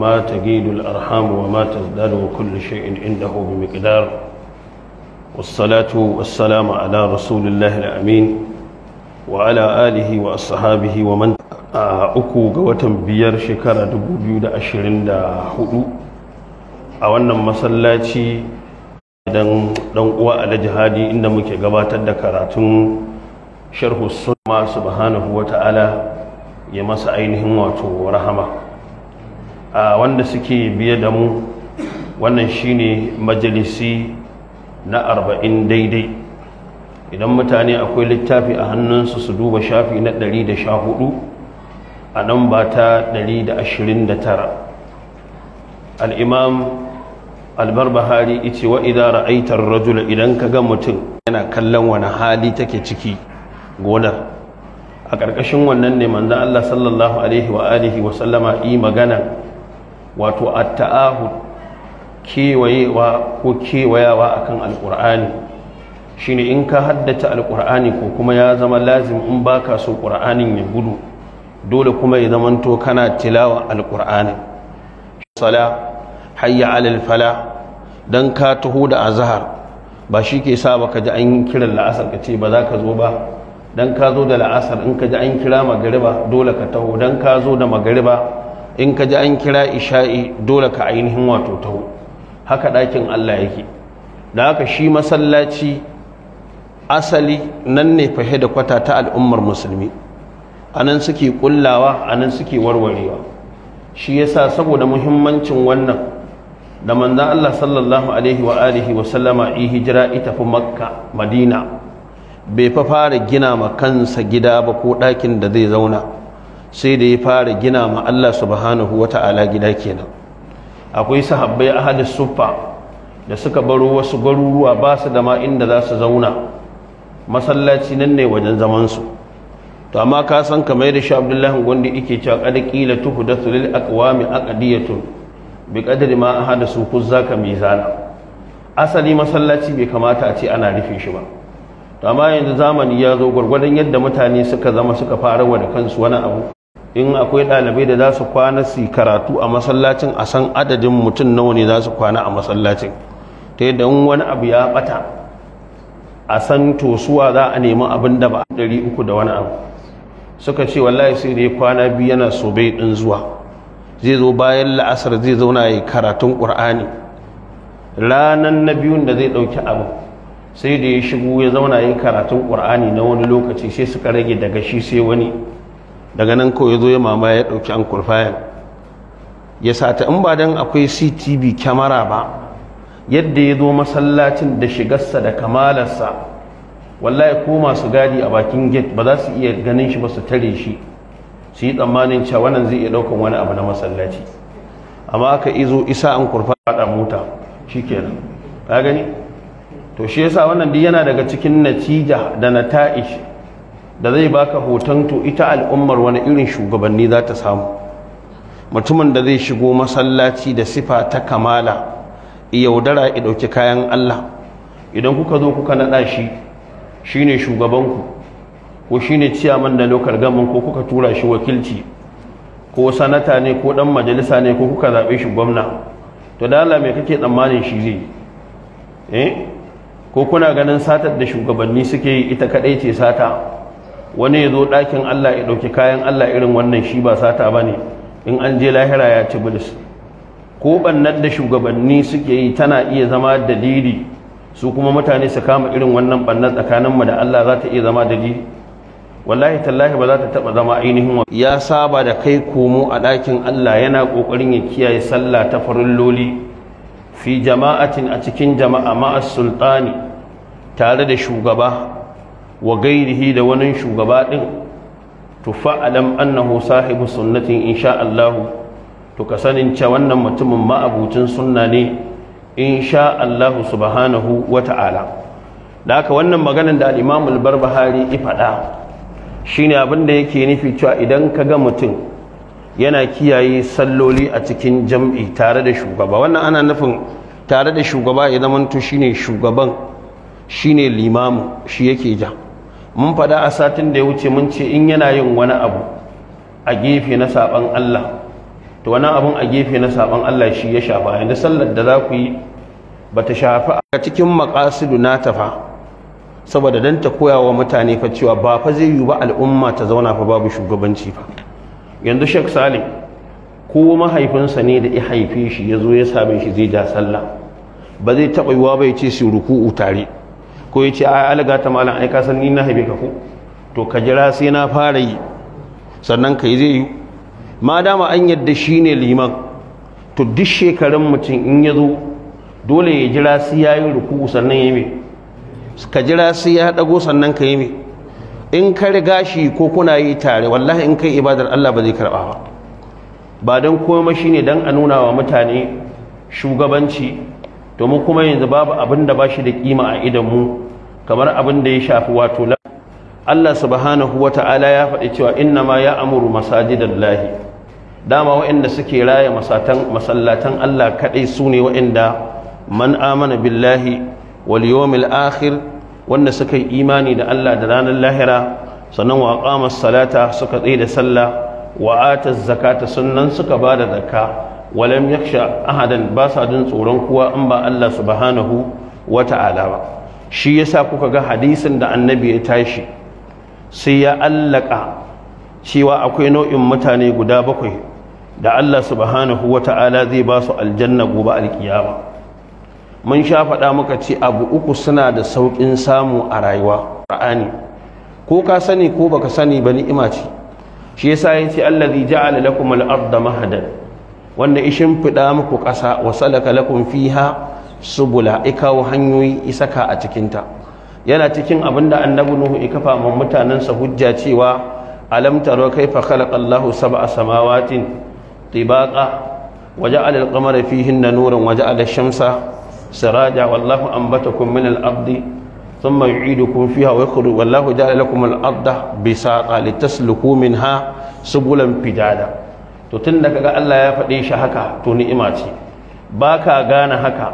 ما تجيد الأرحام وما تزداد وكل شيء عنده بمقدار والصلاة والسلام على رسول الله الأمين وعلى آله وأصحابه ومن أكو قوة بيار شكرا دبوبيو دا أشرين دا هدو أولا مسلاتي dan dan uwa alhaji inda muke gabatar da karatun sharhu sunna subhanahu wataala ya masa ainihin wato rahama A wanda suke biye da mu wannan shine majalisi na arba'in daidai idan mutane akwai littafi a hannunsu su duba shafi na ɗari da sha hudu a nan ba ta ɗari da ashirin da tara al'imam albarbahari ice wa idara ra'aitar rajula idan ka ga mutum yana kallon wani hali take ciki gonar a ƙarƙashin wannan ne manzan Allah sallallahu alaihi wa alihi wa yi magana wato ta'ahud kewayewa ko kewayawa akan Alƙur'ani. shine in ka haddata alqur'ani ko kuma ya zama lazim in baka so qur'anin ya gudu dole kuma ya zamanto kana tilawa alqur'ani sala hayya alal fala dan ka taho da azhar ba shi ke sa baka ji an kiran la'asar ka ce ba za ka zo ba dan ka zo da la'asar in ka ji an kira magariba dole ka taho dan ka zo da magariba in ka ji an kira isha'i dole ka ainihin wato taho haka ɗakin Allah yake da haka shi masallaci asali nan ne fahe da kwata ta al'ummar musulmi a nan suke kullawa a nan suke warwarewa shi yasa saboda muhimmancin wannan da manzan Allah sallallahu alaihi wa alihi wa sallama yi hijira ita fi makka madina bai fa fara gina ma kansa gida ba ko ɗakin da zai zauna sai da ya fara gina ma Allah subhanahu Ta'ala gida kenan akwai sahabbai ahli Sufa da suka baro wasu garuruwa ba su da ma inda za su zauna masallaci nan ne wajen zamansu. to amma ka san kamar da shi Abdullahi gondi yake cewa qad tuhu da lil aqwami aqdiyatun bi qadri ma ahadasu mai mizana asali masallaci bai kamata a ce ana rufe shi ba to amma yanzu zamani ya zo gwargwadon yadda mutane suka zama suka fara wa da kansu wani abu in akwai ɗalibai da za su kwana su karatu a masallacin a san adadin mutum nawa ne za su kwana a masallacin ta yadda in wani abu ya ɓata a san tosuwa za a nemi abin da ba a ɗari uku da wani abu suka ce wallahi sai da ya kwana biyu yana so bai ɗin zuwa zai zo bayan la'asar zai zauna ya karatun ƙur'ani ranar na biyun da zai ɗauki abu sai da ya shigo ya zauna ya karatun ƙur'ani na wani lokaci sai suka rage daga shi sai wani daga nan kawai zo ya mama ya ɗauki an kurfayan ya sata in ba don akwai ctv kyamara ba yadda ya zo masallacin da shigarsa da kamalarsa wallahi ko masu gadi a bakin gate ba za su iya ganin shi ba su tare shi su yi tsammanin cewa wannan zai iya daukan wani abu na masallaci amma aka izo isa an kurfa da mota shikenan ka gani to shi yasa wannan duk yana daga cikin natija da nata'ish da zai baka hoton to ita al'ummar wani irin shugabanni za ta samu mutumin da zai shigo masallaci da sifa ta kamala yaudara ya dauki kayan Allah idan kuka zo kuka naɗa shi shine shugabanku ko shine ciyaman da lokar gamin ko kuka tura shi wakilci ko sanata ne ko ɗan majalisa ne ko kuka zaɓe shi gwamna to da me mai kake tsammanin shi zai eh ko kuna ganin satar da shugabanni suke yi ita kadai ce sata wani ya zo ɗakin Allah ya ɗauki kayan Allah irin wannan shi ba sata ba ne in an je lahira ya ci bilis ko ɓannar da shugabanni suke yi tana iya zama dalili su kuma mutane su kama irin wannan ɓannar tsakaninmu da Allah za ta iya zama dalili wallahi tallahi ba za ta taɓa zama ainihin ya saba da kai komo a ɗakin Allah yana ƙoƙarin ya kiyaye sallah ta farilloli fi jama'atin a cikin jama'a ma'as sultani tare da shugaba wa gairihi da wani shugaba ɗin to fa'alam annahu sahibu sunnatin insha Allah to ka sanin ce wannan mutumin ma'abucin sunna ne insha Allah subhanahu wata'ala da haka wannan maganin da alimamul bar al-Barbahari ya faɗa shine abin da yake nufi cewa idan ka ga mutum yana kiyaye salloli a cikin jam'i tare da shugaba wannan ana nufin tare da shugaba idan mantu shi ne shugaban shi ne limamu shi yake ja mun fada a satin da ya wuce mun ce in yana yin wani abu a gefe na saban Allah to wani abun a gefe na saban Allah shi ya shafa yanzu sallar da za ku yi ba ta shafi a cikin makasidu na tafa saboda don ta koya wa mutane fa cewa ba fa zai yi ba al'umma ta zauna fa babu shugabanci fa yanzu shek Salim ko mahaifinsa ne da ya haife shi ya zo ya same shi zai ja sallah ba zai taɓa yiwa ba ya ce su ruku'u tare ko ya ce a alaga ta malam ai kasan ni na haife ka to ka jira sai na fara yi sannan ka yi zai yi ma dama an yadda shi ne liman to duk shekarun mutum in ya zo dole ya jira sai ya yi ruku sannan ya yi ka jira sai ya dago sannan ka yi mai in ka riga shi ko kuna yi tare wallahi in kai ibadar Allah ba zai karba ba ba don komai shine dan a nuna wa mutane shugabanci to mu kuma yanzu babu abin da shi da kima a idan mu kamar abin da ya shafi wato Allah subhanahu wata'ala ya faɗi cewa inna ma ya amuru lahi. dama waɗanda suke raya masallatan Allah kaɗai su ne waɗanda man amana billahi wal yawmil akhir wanda suka yi imani da Allah da ranar lahira sannan wa masalata salata suka tsaye da sallah wa ata zakata sannan suka ba da zakka walam yaksha ahadan ba sa jin tsoron kowa in ba Allah subhanahu wata ala ba shi yasa kuka ga hadisin da annabi ya tashi sai ya allaka cewa akwai nau'in mutane guda bakwai da Allah subhanahu wata'ala zai ba su aljanna gobe alkiyama mun sha faɗa muka ce abu uku suna da sauƙin samu a rayuwa ra'ani ko ka sani ko baka sani ba ni'ima ce shi yasa yace allazi ja'ala lakum al-ardha mahadan wanda ishin fida muku ƙasa wa salaka lakum fiha subula ikawo hanyoyi isaka a cikinta yana cikin abinda annabi nuhu ya kafa ma mutanansa hujja cewa alam taro kaifa khalaqa Allahu sab'a samawatin tibaqa waja'ala al-qamara fihinna nuran waja'ala ash-shamsa siraja wallahu anbatakum min al-ardi thumma yu'idukum fiha wa yakhruju wallahu ja'ala lakum al-arda bisata litasluku minha subulan fijada to tun da kaga Allah ya faɗe shi haka to ni'ima ce ba ka gane haka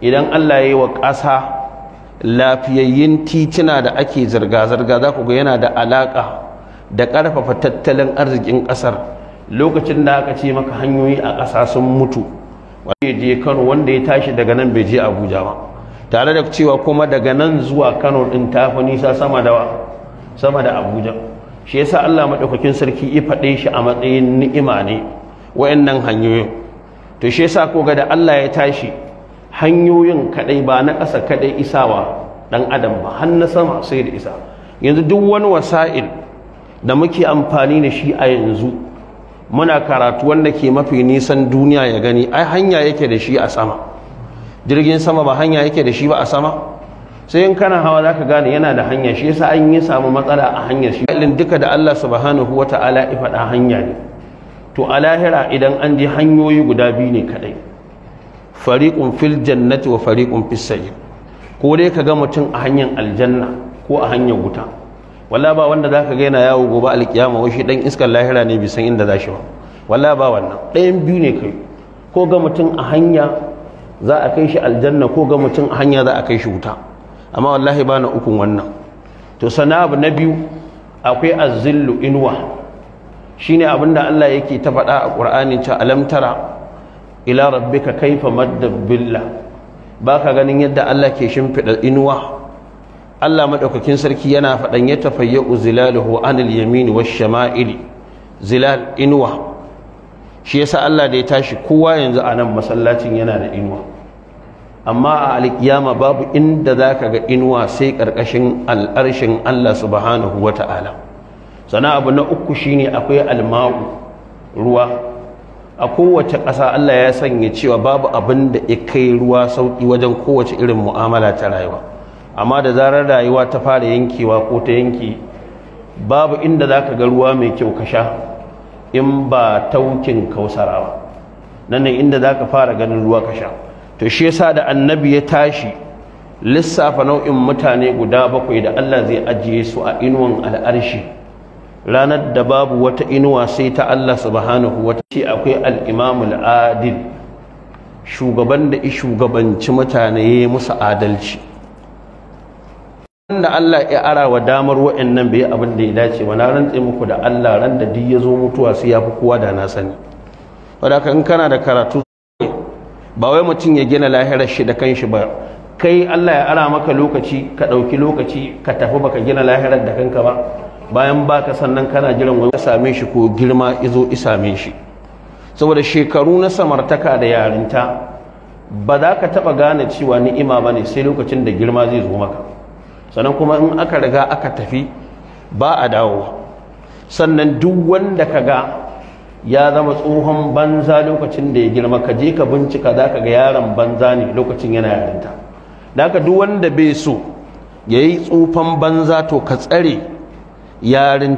idan Allah ya yi wa ƙasa lafiyayyun titina da ake zirga-zirga za ku ga yana da alaƙa da ƙarfafa tattalin arzikin ƙasar lokacin da aka ce maka hanyoyi a ƙasa sun mutu wanda je Kano wanda ya tashi daga nan bai je Abuja ba tare da cewa kuma daga nan zuwa Kano ɗin tafi nisa sama da Abuja shi yasa Allah madaukakin sarki ya faɗe shi a matsayin ni'ima ne wayannan hanyoyin to shi yasa ko ga da Allah ya tashi hanyoyin kadai ba na ƙasa kadai isawa dan adam ba har na sama sai da isa yanzu duk wani wasa'il da muke amfani da shi a yanzu muna karatu wanda ke mafi nisan duniya ya gani ai hanya yake da shi a sama jirgin sama ba hanya yake da shi ba a sama sai yin kana hawa ka gane yana da hanya shi yasa an yi samu matsala a hanyar shi ilin duka da Allah subhanahu wata'ala ya faɗa hanya ne to a lahira idan an ji hanyoyi guda biyu ne kadai fariƙun fil jannati wa fariqun fisayi ko dai ka ga mutum a hanyar aljanna ko a hanyar wuta walla ba wanda ka ga yana yawo gobe alkiyama wai shi dan iskar lahira ne bisan inda za shi ba walla ba wannan ɗayan biyu ne kai ko ga mutum a hanya za a kai shi aljanna ko ga mutum a hanya za a kai shi wuta amma wallahi ba na ukun wannan to sana abu na biyu akwai azillu inuwa shine abinda Allah yake ta faɗa a Qur'ani ta alamtara ila rabbika kaifa madda billa baka ganin yadda Allah ke shimfida inuwa Allah maɗaukakin sarki yana faɗan ya tafayyu zilaluhu anil yamini wa shama'il zilal inuwa shi yasa Allah da ya tashi kowa yanzu a nan masallacin yana da inuwa amma a alkiyama babu inda za ka ga inuwa sai ƙarƙashin al'arshin Allah subhanahu wa ta'ala sana abu na uku shine akwai alma'u ruwa a kowace ƙasa Allah ya sanya cewa babu abin da ya kai ruwa sauƙi wajen kowace irin mu'amala ta rayuwa amma da zarar rayuwa ta fara yankewa ko ta yanki babu inda za ka ga ruwa mai kyau ka sha in ba taukin kausarawa nan inda za ka fara ganin ruwa ka sha to shi yasa da annabi ya tashi lissafa nau'in mutane guda bakwai da Allah zai ajiye su a inuwan al'arshi ranar da babu wata inuwa sai ta Allah subhanahu wata ce akwai al'imamul adil shugaban da shugabanci mutane ya yi musu adalci wanda Allah ya ara wa damar wa'annan bai abin da ya dace ba na rantse muku da Allah ran da duk ya zo mutuwa sai ya fi kowa da na sani wadaka in kana da karatu ba wai mutum ya gina lahirar shi da kanshi ba kai Allah ya ara maka lokaci ka ɗauki lokaci ka tafi baka gina lahirar da kanka ba bayan baka sannan kana jiran wani same shi ko girma izo isame shi saboda shekaru na samartaka da yarinta ba za ka taɓa gane cewa ni'ima ba ne sai lokacin da girma zai zo maka sannan kuma in aka riga aka tafi ba a dawowa sannan duk wanda ka ga ya zama tsohon banza lokacin da ya girma ka je ka bincika za ka ga yaron banza ne lokacin yana yarinta da haka duk wanda bai so ya yi tsufan banza to ka tsare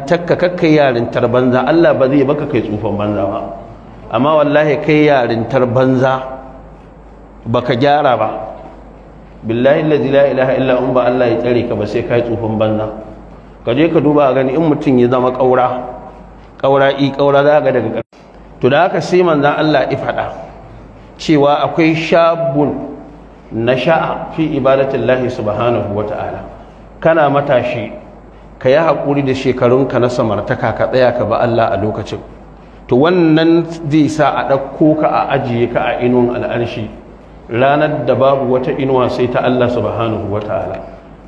ka kakkai yarintar banza Allah ba zai baka kai tsufan banza ba amma wallahi kai yarintar banza baka gyara ba billahi allazi la ilaha illa umma Allah ya tsare ka ba sai kai tsufan banza ka je ka duba a gani in mutum ya zama ƙaura ƙaura i ƙaura za ga daga ƙarfi to da haka sai manzan Allah ya faɗa cewa akwai shabun na fi ibadatin lahi subhanahu kana matashi ka yi haƙuri da shekarunka na samartaka ka tsaya ka ba Allah a lokacin to wannan zai sa a ɗauko ka a ajiye ka a inuwan al'arshi ranar da babu wata inuwa sai ta Allah subhanahu wa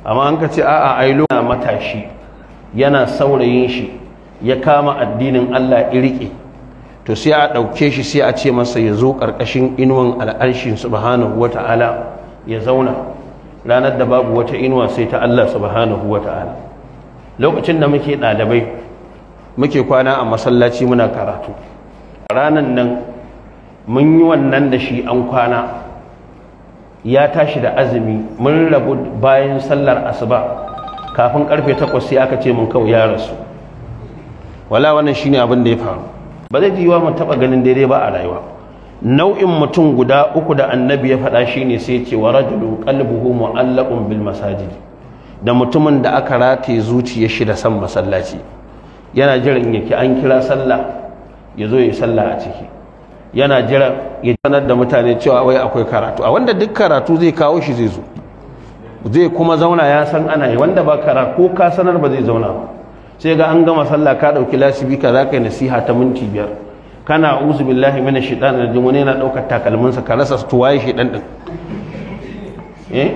amma an ka ce a'a ai matashi yana saurayin shi ya kama addinin Allah iriƙe to sai a ɗauke shi sai a ce masa ya zo ƙarƙashin inuwan al'arshin subhanahu ta'ala ya zauna ranar da babu wata inuwa sai ta Allah subhanahu ta'ala lokacin da muke ɗalibai muke kwana a masallaci muna karatu ranar nan mun yi wannan da shi an kwana ya tashi da azumi mun rabu bayan sallar asuba kafin karfe takwas sai aka ce mun kawai ya rasu wala wannan shine abin da ya faru ba zai yiwa mu taba ganin daidai ba a rayuwa nau'in mutum guda uku da annabi ya faɗa shine sai ya ce wa rajulu qalbuhu mu'allaqun bil masajid da mutumin da aka rataye zuciyar shi da san masallaci yana jiran yake an kira sallah ya zo ya sallah a ciki yana jira ya sanar da mutane cewa wai akwai karatu a wanda duk karatu zai kawo shi zai zo zai kuma zauna ya san ana yi wanda ba karatu ko ka sanar ba zai zauna ba sai ga an gama sallah ka dauki lasibi ka za ka yi nasiha ta minti biyar kana uzu billahi mana shaitan da jin wani yana takalminsa ka rasa tuwaye shi din eh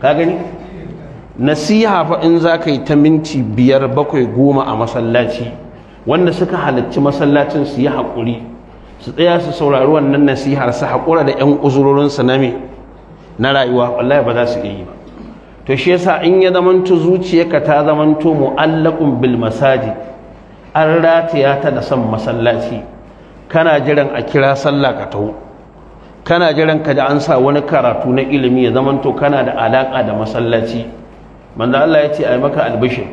ka gani nasiha fa in za ka yi ta minti biyar bakwai goma a masallaci wanda suka halarci masallacin su yi haƙuri su tsaya su saurari wannan nasihar su haƙura da 'yan uzurorinsu na me na rayuwa wallahi ba za su iya yi ba to shi yasa in ya zamanto zuciyarka ta zamanto mu'allaqun bil masaji an rataya ta da san masallaci kana jiran a kira sallah ka taho kana jiran ka da an sa wani karatu na ilimi ya zamanto kana da alaka da masallaci manzo Allah ya ce ai maka albishir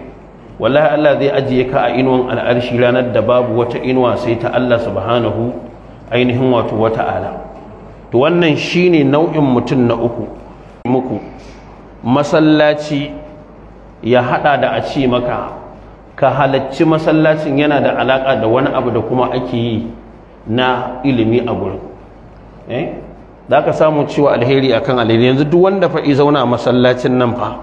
wallahi Allah zai ajiye ka a inuwan al'arshi ranar da babu wata inuwa sai ta Allah subhanahu ainihin wato ala. to wannan shine nau'in mutum na uku masallaci ya hada da a ce maka ka halacci masallacin yana da alaka da wani abu da kuma ake yi na ilimi a gurin eh? Za ka samu cewa alheri akan alheri yanzu duk wanda fa'i zauna masallacin nan fa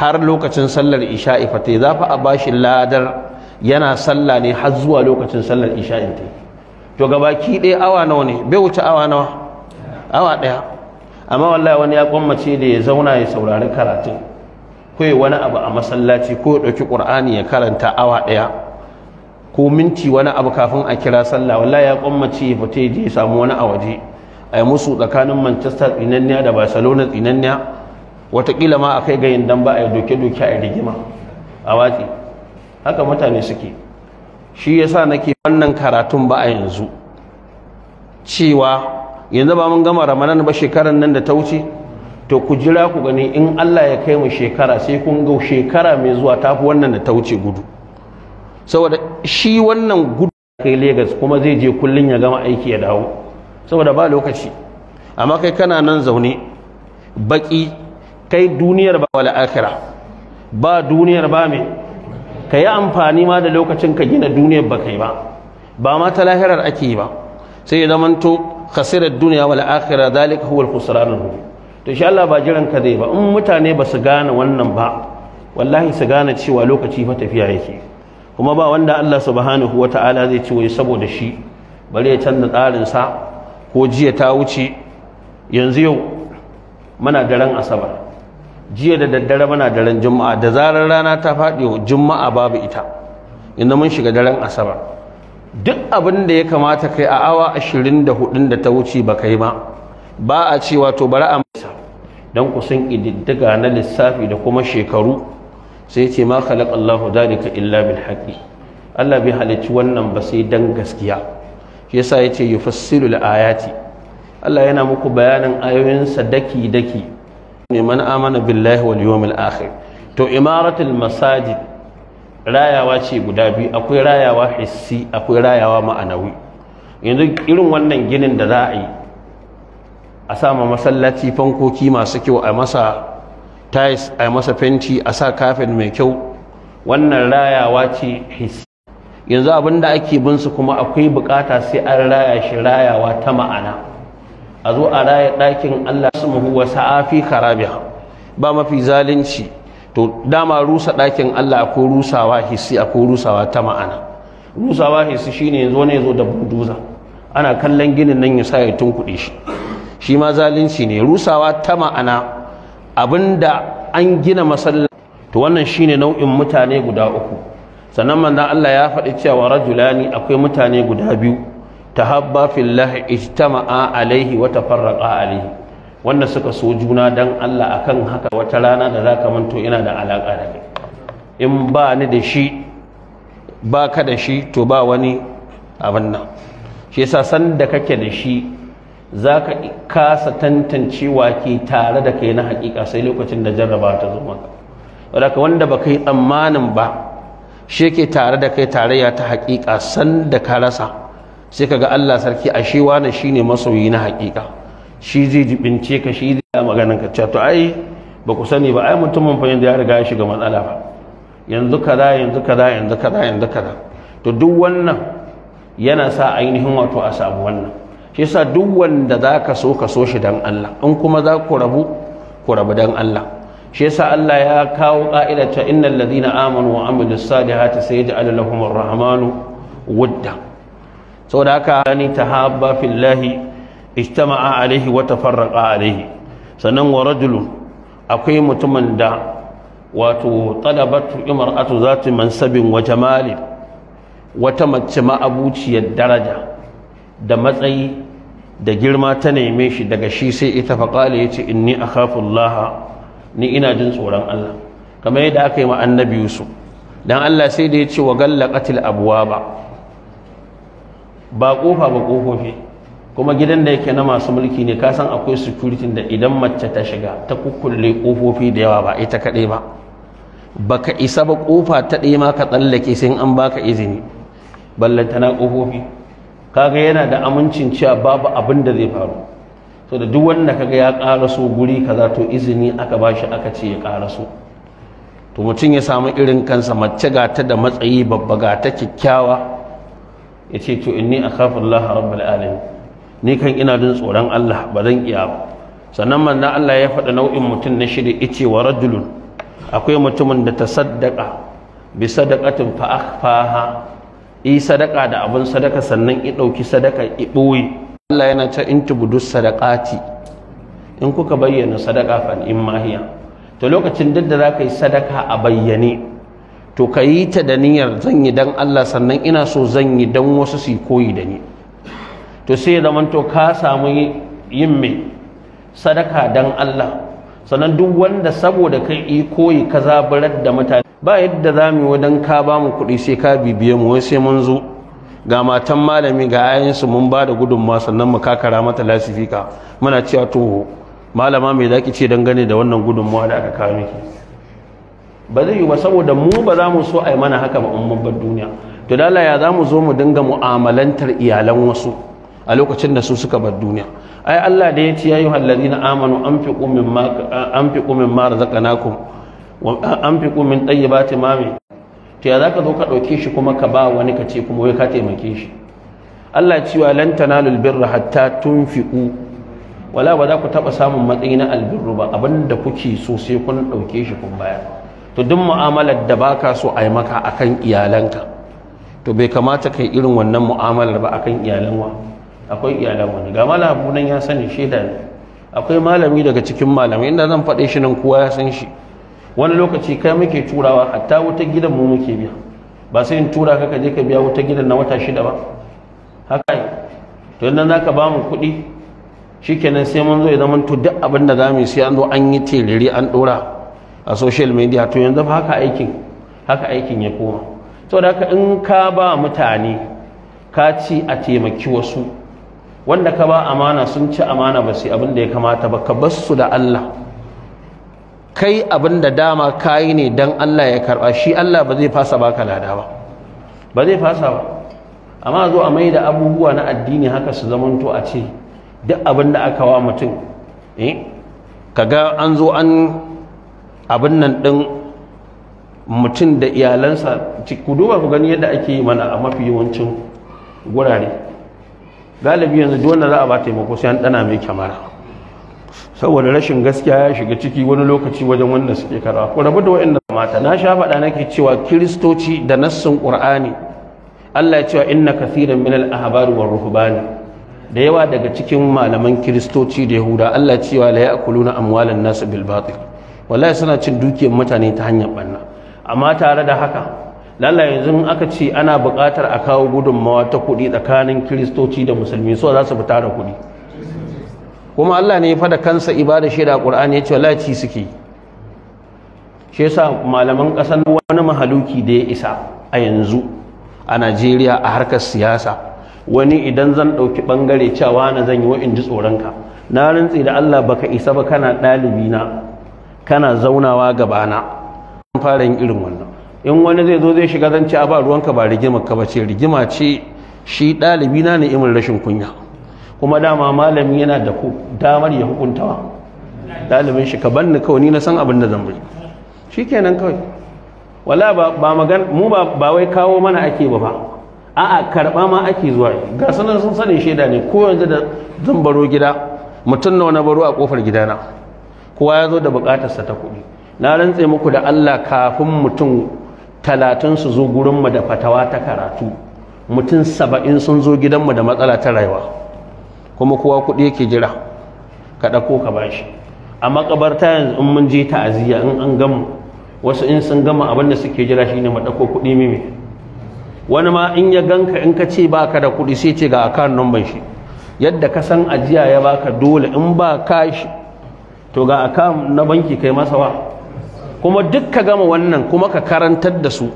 har lokacin sallar isha'i fa za zafa a bashi ladar yana salla ne har zuwa lokacin sallar isha'in ta to gabaki ɗaya awa nawa ne bai wuce awa nawa awa ɗaya amma wallahi wani ya kwammace da ya zauna ya saurari karatun ko wani abu a masallaci ko ya ɗauki ƙur'ani ya karanta awa ɗaya ko minti wani abu kafin a kira sallah wallahi ya kwammace ya fita ya samu wani a waje a yi musu tsakanin manchester tsinanniya da barcelona tsinanniya watakila ma a kai ga yin ba a yi doke-doke a rigima a watsi haka mutane suke shi yasa nake wannan karatun ba a yanzu cewa yanzu ba mun gama ramadan ba shekarar nan da ta wuce to ku jira ku gani in Allah ya kai mu shekara sai kun ga shekara mai zuwa tafi wannan da ta wuce gudu saboda shi wannan gudu kai Legas kuma zai je kullun ya gama aiki ya dawo saboda ba lokaci amma kai kana nan zaune baki kai duniyar ba wala akhira ba duniyar ba me yi amfani ma da lokacin ka gina duniyar ba kai ba ba ma ta lahirar ake yi ba sai ya zamanto khasirar duniya wal akhirah zalika huwa al-khusran to insha Allah ba jiran ka zai ba in mutane ba su gane wannan ba wallahi su gane cewa lokaci fa tafiya yake kuma ba wanda Allah subhanahu wa ta'ala zai ci wai saboda shi bare ya canza tsarin sa ko jiya ta wuce yanzu yau muna daren asabar jiya da daddare muna daren juma'a da zarar rana ta faɗi juma'a babu ita inda mun shiga daren asabar duk abin da ya kamata kai a awa 24 da ta wuce ba kai ba ba a cewa to bari a masa don kusan ididdiga na lissafi da kuma shekaru sai ce ma khalaq Allahu dalika illa bil haqqi Allah bai halicci wannan ba sai dan gaskiya shi yasa yace yufassilu al ayati Allah yana muku bayanin ayoyinsa daki daki ne man amana billahi wal yawmil akhir to imaratul masajid rayawa ce guda biyu akwai rayawa hissi akwai rayawa ma'anawi yanzu irin wannan ginin da za a yi a sama masallaci fankoki masu kyau a masa tais a masa fenti a sa kafin mai kyau wannan rayawa ce hissi yanzu abinda ake bin su kuma akwai bukata sai an raya shi rayawa ta ma'ana a zo a raya ɗakin Allah su mahu wa afi karabiya ba mafi zalunci to dama rusa ɗakin Allah ko rusawa hissi ko rusawa ta ma'ana rusawa hissi shine yanzu wani zo da buduza ana kallon ginin nan ya sa ya tunkuɗe shi shi ma zalunci ne rusawa ta ma'ana abinda an gina masallaci to wannan shine nau'in mutane guda uku sannan manzon Allah ya faɗi cewa rajulani akwai mutane guda biyu tahabba fillahi ijtama'a alaihi wa tafarraqa alaihi wanda suka so juna don Allah a kan haka wata rana da za ka manto ina da alaƙa da kai in ba ni da shi ba ka da shi to ba wani abin nan shi yasa san da kake da shi za ka kasa tantancewa ke tare da kai na hakika sai lokacin da jarraba ta zo maka wadaka wanda ba yi tsammanin ba shi ke tare da kai tarayya ta hakika san da ka rasa sai ka ga Allah sarki ashe wani shine masoyi na hakika shi zai jibince ka shi zai maganin ka to ai ba ku sani ba ai mutumin fa yanzu ya riga ya shiga matsala ba yanzu kaza yanzu kaza yanzu kaza yanzu kaza to duk wannan yana sa ainihin wato a samu wannan shi yasa duk wanda zaka so ka so shi dan Allah in kuma za ku rabu ku rabu dan Allah shi yasa Allah ya kawo ka'ida ta innal ladina amanu wa amilus salihati sayaj'alu lahumur rahmanu wudda saboda haka ni tahabba fillahi ijtama'a alaihi wa tafarraqa alaihi sannan wa rajulun akwai mutumin da wato talabatu imra'atu zati mansabin wa jamalin wata mace ma'abuciyar daraja da matsayi da girma ta neme shi daga shi sai ita faqala yace inni akhafullaha ni ina jin tsoron Allah kamar yadda aka yi ma annabi Yusuf dan Allah sai da yace wa gallaqatil abwaba ba kofa ba kofofi kuma gidan da yake na masu mulki ne kasan akwai security da idan mace ta shiga ta kukkulle kofofi da yawa ba ita kaɗai ba baka isa ba kofa ta ɗaya ma ka tsallake sai an baka izini ballantana kofofi kaga yana da amincin cewa babu abin da zai faru so da duk wanda kaga ya karaso guri kaza to izini aka bashi aka ce ya karaso to mutum ya samu irin kansa mace gata da matsayi babba gata kyakkyawa ya ce to inni a kafin rabbul alamin ni kan ina jin tsoron Allah ba zan iya ba sannan manna Allah ya faɗa nau'in mutum na shiri ice wa rajulun akwai mutumin da ta saddaka bi sadaqatin fa akhfaha yi sadaka da abun sadaka sannan i ɗauki sadaka i boye Allah yana ta in tubudu sadaqati in kuka bayyana sadaka fa in mahiya to lokacin duk da zaka yi sadaka a bayyane to kayi ta da niyyar zan yi dan Allah sannan ina so zan yi dan wasu su koyi da ni to sai manto ka samu yin mai sadaka dan Allah sannan duk wanda saboda kai yi koyi ka zabarar da mutane ba yadda za mu yi wadan ka ba mu kuɗi sai ka bibiye mu wai sai mun zo ga matan malami ga ayansu mun ba da gudunmawa sannan mu kakara mata lasifika muna cewa to malama mai zaki ce dangane da wannan gudunmawa da aka kawo miki ba zai yi ba saboda mu ba za mu so a yi mana haka ba umman duniya to dala ya za mu zo mu dinga mu'amalantar iyalan wasu a lokacin da su suka bar duniya ai Allah da ya ce ya yi halladina amanu anfiqu mimma anfiqu mimma razaqnakum wa anfiqu min tayyibati ma mami. to ya zaka zo ka ɗauke shi kuma ka ba wani ka ce kuma wai ka taimake shi Allah cewa lan tanalul birra hatta tunfiqu wala ba za ku taba samun matsayi na albirru ba abinda kuke so sai kun ɗauke shi kun bayar to duk mu'amalar da baka so a yi maka akan iyalanka to bai kamata kai irin wannan mu'amalar ba akan wa? akwai iyalan wani ga malamu nan ya sani shaida ne akwai malami daga cikin malamai inda zan faɗe shi nan kowa ya san shi wani lokaci kai muke turawa hatta wuta gidan mu muke biya ba sai in tura ka je ka biya wuta gidan na wata shida ba haka to idan zaka ba mu kuɗi shikenan sai mun zo idan mun to duk abin da zamu sai an zo an yi tiriri an dora a social media to yanzu haka aikin haka aikin ya koma saboda haka in ka ba mutane ka ci a taimaki wasu wanda ka ba amana sun ci amana ba su abin da ya kamata ba ka bar su da Allah kai abin da dama kayi ne dan Allah ya karba shi Allah ba zai fasa baka lada ba ba zai fasa ba amma zo a mai da abubuwa na addini haka su zamanto a ce duk abin da aka wa mutum eh kaga an zo an abin nan din mutum da iyalansa ku duba ku gani yadda ake yi mana a mafi yawancin gurare galibi yanzu duk wanda za a ba taimako sai an dana mai kyamara saboda rashin gaskiya ya shiga ciki wani lokaci wajen wanda suke karawa ko rabu da wanda mata na sha faɗa nake cewa kiristoci da nassin qur'ani Allah ya cewa inna kathiran min al-ahbari war ruhban da yawa daga cikin malaman kiristoci da yahuda Allah ya cewa la ya'kuluna amwalan nas bil batil wallahi suna cin dukiyar mutane ta hanyar banna amma tare da haka lalla yanzu aka ce ana buƙatar a kawo gudunmawa ta kuɗi tsakanin kiristoci da musulmi so za su fita da kuɗi kuma Allah ne ya fada kansa ibada shi da ƙura'an ya ce laci suke shi yasa malaman ƙasar wani mahaluki da ya isa a yanzu a Najeriya a harkar siyasa wani idan zan ɗauki ɓangare cewa na zan yi wa in ji tsoronka na rantsi da Allah baka isa ba kana ɗalibina na kana zaunawa gabana an fara yin irin wani in wani zai zo zai shiga zan ci a ba ruwanka ba rigima ka ce. rigima ce shi ɗalibi na ne imin rashin kunya kuma dama malami yana da damar ya hukunta ɗalibin shi ka ni kawai ni na san abin da zan bai shi kenan kawai wala ba magan mu ba wai kawo mana ake ba ba a'a karɓa ma ake zuwa ga sanar sun sani shaida ne ko yanzu da zan baro gida mutum nawa na baro a kofar gidana kowa ya zo da buƙatarsa ta kuɗi na rantse muku da Allah kafin mutum talatin su zo gurinmu da fatawa ta karatu mutum saba'in sun zo gidanmu da matsala ta rayuwa kuma kowa kuɗi yake jira ka ɗauko ka shi a makabarta yanzu in mun je ta'aziyya in an gamu wasu in sun gama abin da suke jira shine mu ɗauko kuɗi mimi wani ma in ya ganka in ka ce baka da kuɗi sai ce ga akan numban shi yadda ka san ajiya ya baka dole in ba kashi to ga akan na banki kai masa wa kuma duk ka gama wannan kuma ka karantar da su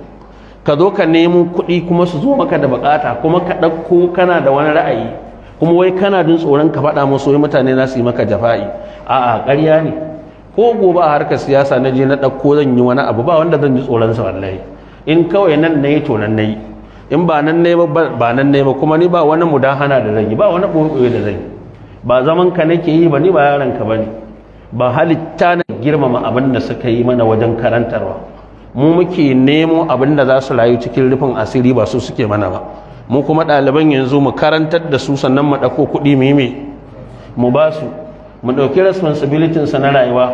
ka zo ka nemo kuɗi kuma su zo maka da bukata kuma ka ɗauko kana da wani ra'ayi kuma wai kana jin tsoron ka faɗa musu wai mutane za su yi maka jafa'i a'a ƙarya ne ko gobe a harkar siyasa na je na ɗauko zan yi wani abu ba wanda zan ji tsoron sa wallahi in kawai nan na yi to nan na yi in ba nan yi ba nan yi ba kuma ni ba wani mudahana da zan yi ba wani ɓoye da zan yi ba zaman ka nake yi ba ni ba yaron ka bane ba halitta na girmama abin da suka yi mana wajen karantarwa mu muke nemo abin da za su layu cikin rufin asiri ba su suke mana ba mu kuma ɗaliban yanzu mu karantar da su sannan mu ɗauko kuɗi mu yi mu ba su mu ɗauki responsibility sa na rayuwa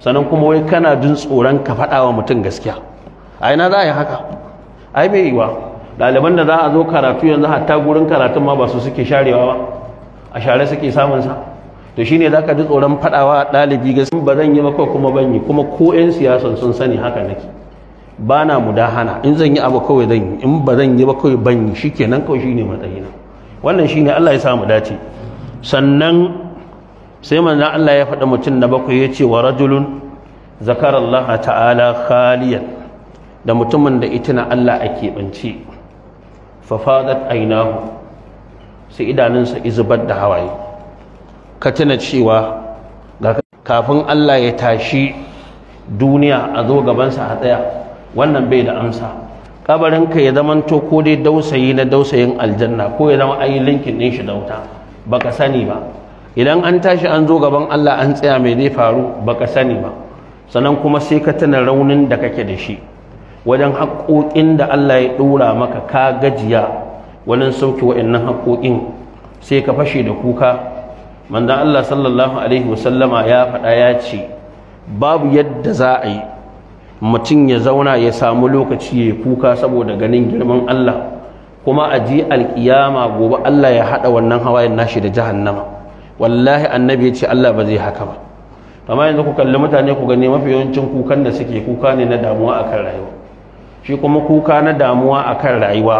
sannan kuma wai kana jin tsoron ka faɗa wa mutum gaskiya a ina za a yi haka ai bai yi wa ɗaliban da za a zo karatu yanzu hatta gurin karatun ma ba su suke sharewa ba a share suke samun sa to shine ka ji tsoron fadawa ɗalibi ga sun ba zan yi maka kuma ban yi kuma ko yan siyasan sun sani haka nake ba na mudahana in zan yi abu kawai zan yi in ba zan yi ba kawai ban yi nan kawai shine matsayina wannan shine Allah ya sa dace sannan sai manzon Allah ya faɗa mutum na bakwai ya ce wa rajulun zakarallaha ta'ala khaliyan da mutumin da itina Allah a keɓance fafadar ainahu sai idanunsa izubar da hawaye ka tuna cewa kafin Allah ya tashi duniya a zo gabansa a tsaya wannan bai da amsa kabarinka ya zamanto ko dai dausayi na dausayin aljanna ko ya zama ayi linkin ɗin shi da wuta baka sani ba idan an tashi an zo gaban Allah an tsaya mai zai faru baka sani ba sannan kuma sai ka tuna raunin da kake da shi wajen haƙoƙin da Allah ya ɗora maka ka gajiya wajen sauke nan haƙoƙin sai ka fashe da kuka manzan Allah sallallahu alaihi wasallama ya faɗa ya ce babu yadda za a yi mutum ya zauna ya samu lokaci ya kuka saboda ganin girman Allah kuma a ji alkiyama gobe Allah ya haɗa wannan hawayen nashi da jahannama wallahi annabi ya ce Allah ba zai haka ba amma yanzu ku kalli mutane ku gani mafi yawancin kukan da suke kuka ne na damuwa akan rayuwa shi kuma kuka na damuwa akan rayuwa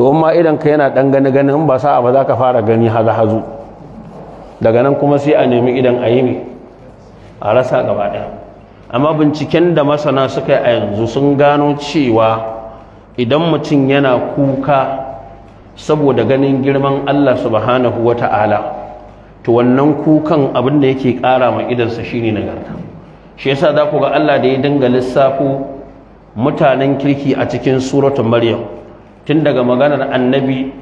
to ma idan ka yana dan gani gani in ba sa'a ba za ka fara gani haza hazu daga nan kuma sai a nemi idan a yi a rasa gaba ɗaya amma binciken da masana suka yi a yanzu sun gano cewa idan mutum yana kuka saboda ganin girman Allah subhanahu wa ta'ala to wannan kukan abin da yake ƙara ma idansa shine nagarta shi yasa za ku ga Allah da ya dinga lissafo mutanen kirki a cikin suratun maryam tun daga maganar annabi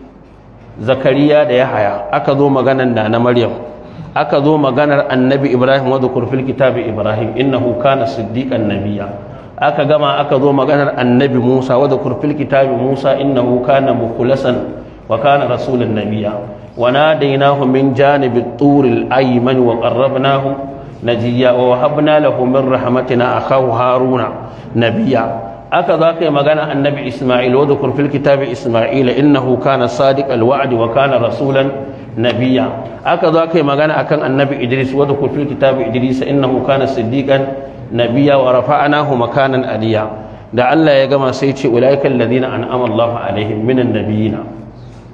zakariya da yahaya aka zo maganar da na maryam aka zo maganar annabi ibrahim wadda kurfil kitabi ibrahim innahu kana siddiqan Nabiya. aka gama aka zo maganar annabi musa wadda kurfil kitabi musa innahu kana mukhlasan wa kana rasulun Nabiya. wa nadainahu min janibi turil ayman wa qarrabnahu najiya wa wahabna lahu min rahmatina akahu haruna Nabiya? haka za ka yi magana annabi isma'il wadda kun fil kitabi isma'ila innahu kana sadiq alwa'd wa kana rasulan nabiyya haka za ka yi magana akan annabi idris wadda kun fil kitabi idris innahu kana siddiqan nabiyya wa rafa'anahu makanan aliya da Allah ya gama sai ce ulaika alladhina an'ama Allahu alaihim minan nabiyina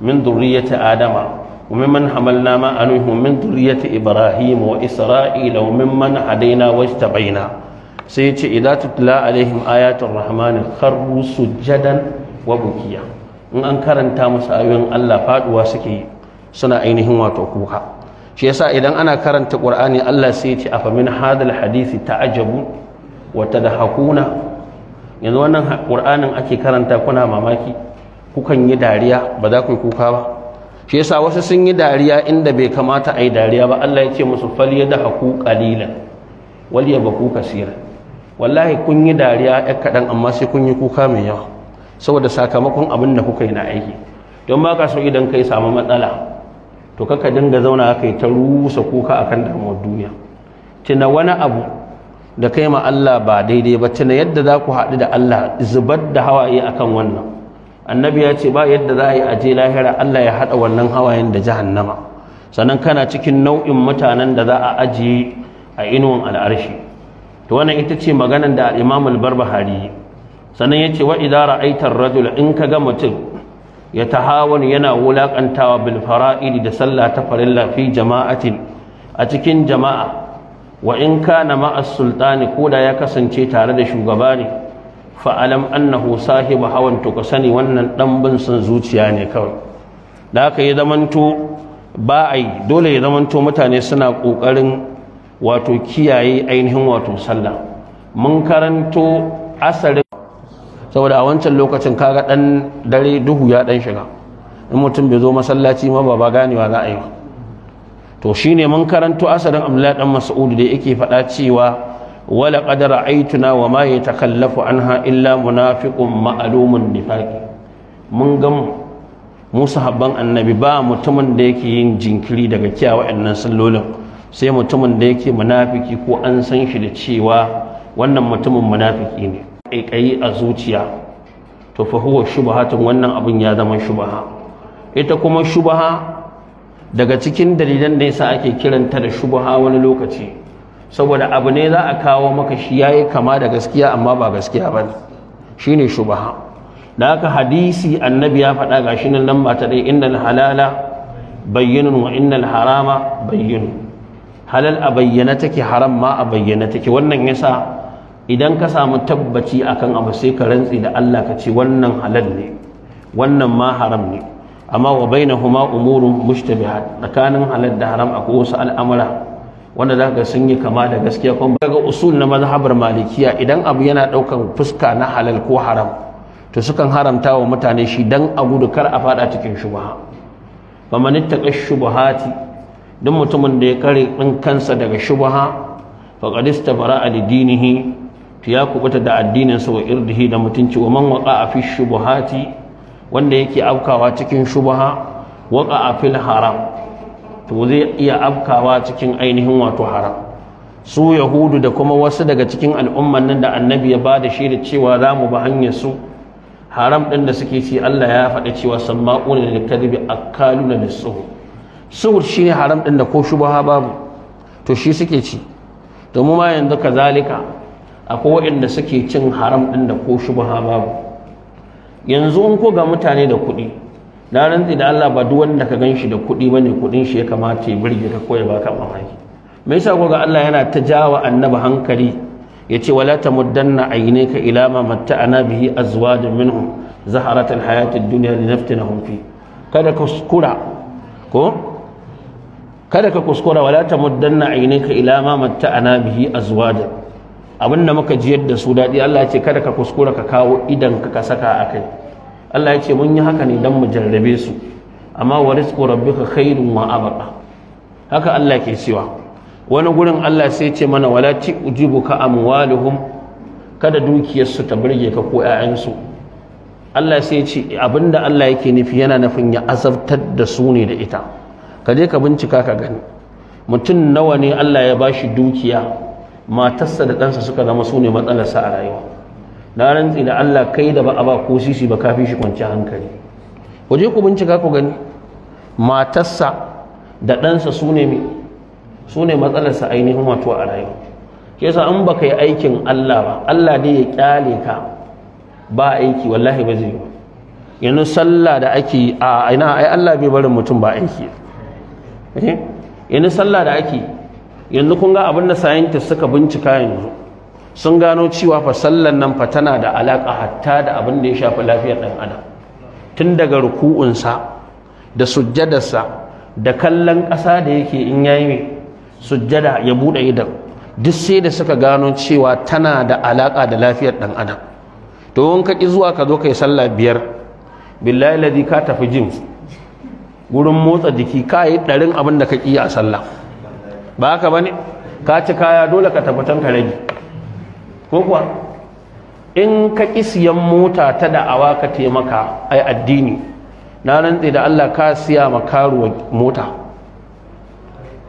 min dhurriyyati adama وممن حملنا ما أنوه من ذرية daina وإسرائيل ta هدينا واجتبينا sai ya ce idan tutula alaihim ayatul rahmanin kharru sujadan wa bukiya in an karanta musu ayoyin Allah faduwa suke suna ainihin wato kuka shi yasa idan ana karanta Qur'ani Allah sai ya ce afamin hadal hadisi ta'ajabu wa tadhakuna yanzu wannan Qur'anin ake karanta kuna mamaki kukan yi dariya ba za ku kuka ba shi yasa wasu sun yi dariya inda bai kamata a yi dariya ba Allah ya ce musu fal yadhaku qalilan wal yabku kaseeran wallahi kun yi dariya ya kaɗan amma sai kun yi kuka mai yawa saboda sakamakon abin da kuka yi na aiki don ba ka so idan ka yi samu matsala to kaka dinga zauna kai yi ta rusa kuka akan damuwar duniya tuna wani abu da kai ma Allah ba daidai ba tuna yadda za ku haɗu da Allah zubar da hawaye akan wannan annabi ya ce ba yadda za a yi aje lahira Allah ya haɗa wannan hawayen da jahannama sannan kana cikin nau'in mutanen da za a ajiye a inuwan al'arshi to wannan ita ce maganan da Imam al-Barbahari sannan ya wa idara aitar rajul in ka ga mutum ya tahawan yana wulakantawa bil fara'id da sallah ta farilla fi jama'atin a cikin jama'a wa in kana ma'as sultani koda ya kasance tare da shugaba ne fa alam annahu sahibu hawan to ka sani wannan dan bin son zuciya ne kawai da haka ya zamanto ba ai dole ya zamanto mutane suna kokarin wato kiyaye ainihin wato sallah mun karanto asarin saboda a wancan lokacin kaga dan dare duhu ya dan shiga in mutum bai zo masallaci ma ba ba ganewa za a yi to shine mun karanto asarin Abdullahi dan Mas'ud da yake faɗa cewa wala qad ra'aytuna wa ma yatakallafu anha illa munafiqun ma'lumun nifaqi mun ga mu habban annabi ba mutumin da yake yin jinkiri daga kiyawa waɗannan sallolin sai mutumin da yake munafiki ko an san shi da cewa wannan mutumin munafiki ne ƙaiƙayi a zuciya to fa huwa shubhatun wannan abin ya zama shubha ita kuma shubha daga cikin dalilan da yasa ake kiranta da shubha wani lokaci saboda abu ne za a kawo maka shi yayi kama da gaskiya amma ba gaskiya ba shine shubha da haka hadisi annabi ya faɗa gashi nan lamba ta dai innal halala bayyinun wa innal harama bayyinun halal a bayyana take haram ma a bayyana take wannan yasa idan ka samu tabbaci akan abu sai ka rantsi da Allah ka ce wannan halal ne wannan ma haram ne amma wa bainahuma umurun mushtabihat tsakanin halal da haram akwai wasu al'amura wanda za ka sun yi kama da gaskiya kuma ga usul na mazhabar malikiya idan abu yana daukan fuska na halal ko haram to sukan haramta wa mutane shi dan a gudu kar a fada cikin shubha faman ittaqa shubuhati duk mutumin da ya kare ɗin kansa daga shubaha faqad istabara da dinihi to ya kubuta da addininsa wa irdihi da mutunci wa man waqa fi shubuhati wanda yake afkawa cikin shubaha a fil haram to zai iya afkawa cikin ainihin wato haram su yahudu da kuma wasu daga cikin al'umman nan da annabi ya ba da shi da cewa za mu ba hanyar su haram ɗin da suke ci Allah ya faɗa cewa da lil kadhibi akaluna lis-suhum suhur shine haram ɗin da ko shubaha babu to shi suke ci to mu ma yanzu kazalika akwai waɗanda suke cin haram ɗin da ko shubaha babu yanzu in ko ga mutane da kuɗi na rantsi da Allah ba duk wanda ka ganshi da kuɗi bane kuɗin shi ya kamata ya burge ka koya ya baka mamaki me yasa ko ga Allah yana ta jawa annabi hankali yace wala tamuddanna aynaka ila ma matta'ana bihi azwajun minhum zaharatul hayatid dunya linaftinahum fi kada ka kura ko kada ka kuskura wala ta muddanna ka ila ma ana bihi a abin da muka jiyar da su daɗi Allah ya ce kada ka kuskura ka kawo idan ka ka saka akai Allah ya ce mun yi haka ne dan mu jarrabe su amma wa rizqu rabbika khairun wa abqa haka Allah ke cewa wani gurin Allah sai ya ce mana wala tujibuka amwaluhum kada dukiyarsu ta burge ka ko 'ya'yansu. Allah sai ya ce abinda Allah yake nufi yana nufin ya azabtar da su ne da ita ka je ka bincika ka gani mutum nawa ne Allah ya bashi dukiya matarsa da ɗansa suka zama su ne matsalarsa a rayuwa na rantsi da Allah kai da ba a ba ko sisi ba kafin shi kwanci hankali ku je ku bincika ku gani matarsa da ɗansa su ne su ne matsalarsa ainihin wato a rayuwa ke sa an baka yi aikin Allah ba Allah dai ya kyale ka ba aiki wallahi ba zai yi yanzu sallah da ake a ina ai Allah bai barin mutum ba aiki yanzu eh? sallah da ake yanzu kun ga abin da scientists suka bincika yanzu sun gano cewa fa sallan nan fa tana da alaka hatta da abin da ya shafi lafiyar ɗan adam tun daga ruku'un sa da sujjadar sa da kallon ƙasa da yake in yayi mai sujjada ya bude idan duk sai da suka gano cewa tana da alaka da lafiyar ɗan adam to in ka ki zuwa ka zo kai sallah biyar billahi ladhi ka tafi jinsu gurin motsa jiki ka yi ɗarin abin da ka ƙi a sallah ba haka ba ne ka ci kaya dole ka tabbatar ka rage ko kuwa in ka ƙi siyan mota ta da'awa ka taimaka ai addini na rantse da Allah ka siya ma karuwa mota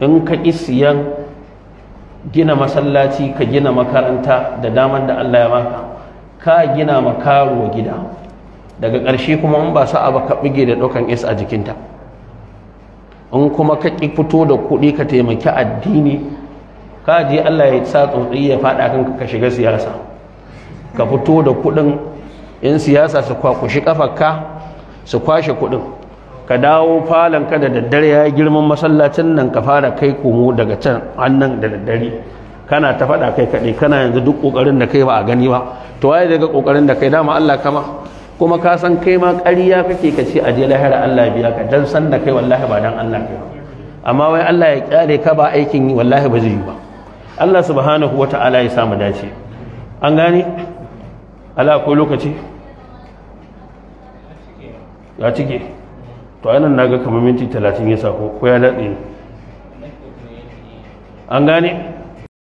in ka ƙi siyan gina masallaci ka gina makaranta da damar da Allah ya baka ka gina makaruwa gida daga ƙarshe kuma in ba sa'a ba ka bige da ɗaukan is a jikinta in kuma ka ƙi fito da kuɗi ka taimaki addini ka je Allah ya sa tsotsi ya faɗa kan ka shiga siyasa ka fito da kuɗin yan siyasa su kwakushi ƙafarka su kwashe kuɗin ka dawo falon ka da daddare ya yi girman masallacin nan ka fara kai komo daga can annan da daddare kana ta faɗa kai kaɗai kana yanzu duk ƙoƙarin da kai ba a gani ba to waye daga ƙoƙarin da kai dama Allah kama kuma ka san kai ma ƙarya kake ka ce aje lahira Allah biya ka dan san da kai wallahi ba dan Allah kai amma wai Allah ya kyale ka ba aikin yi wallahi ba zai yi ba Allah subhanahu wata'ala ya samu dace an gane ala ko lokaci ya cike to anan naga kamar minti 30 ya sako ko ya latse an gane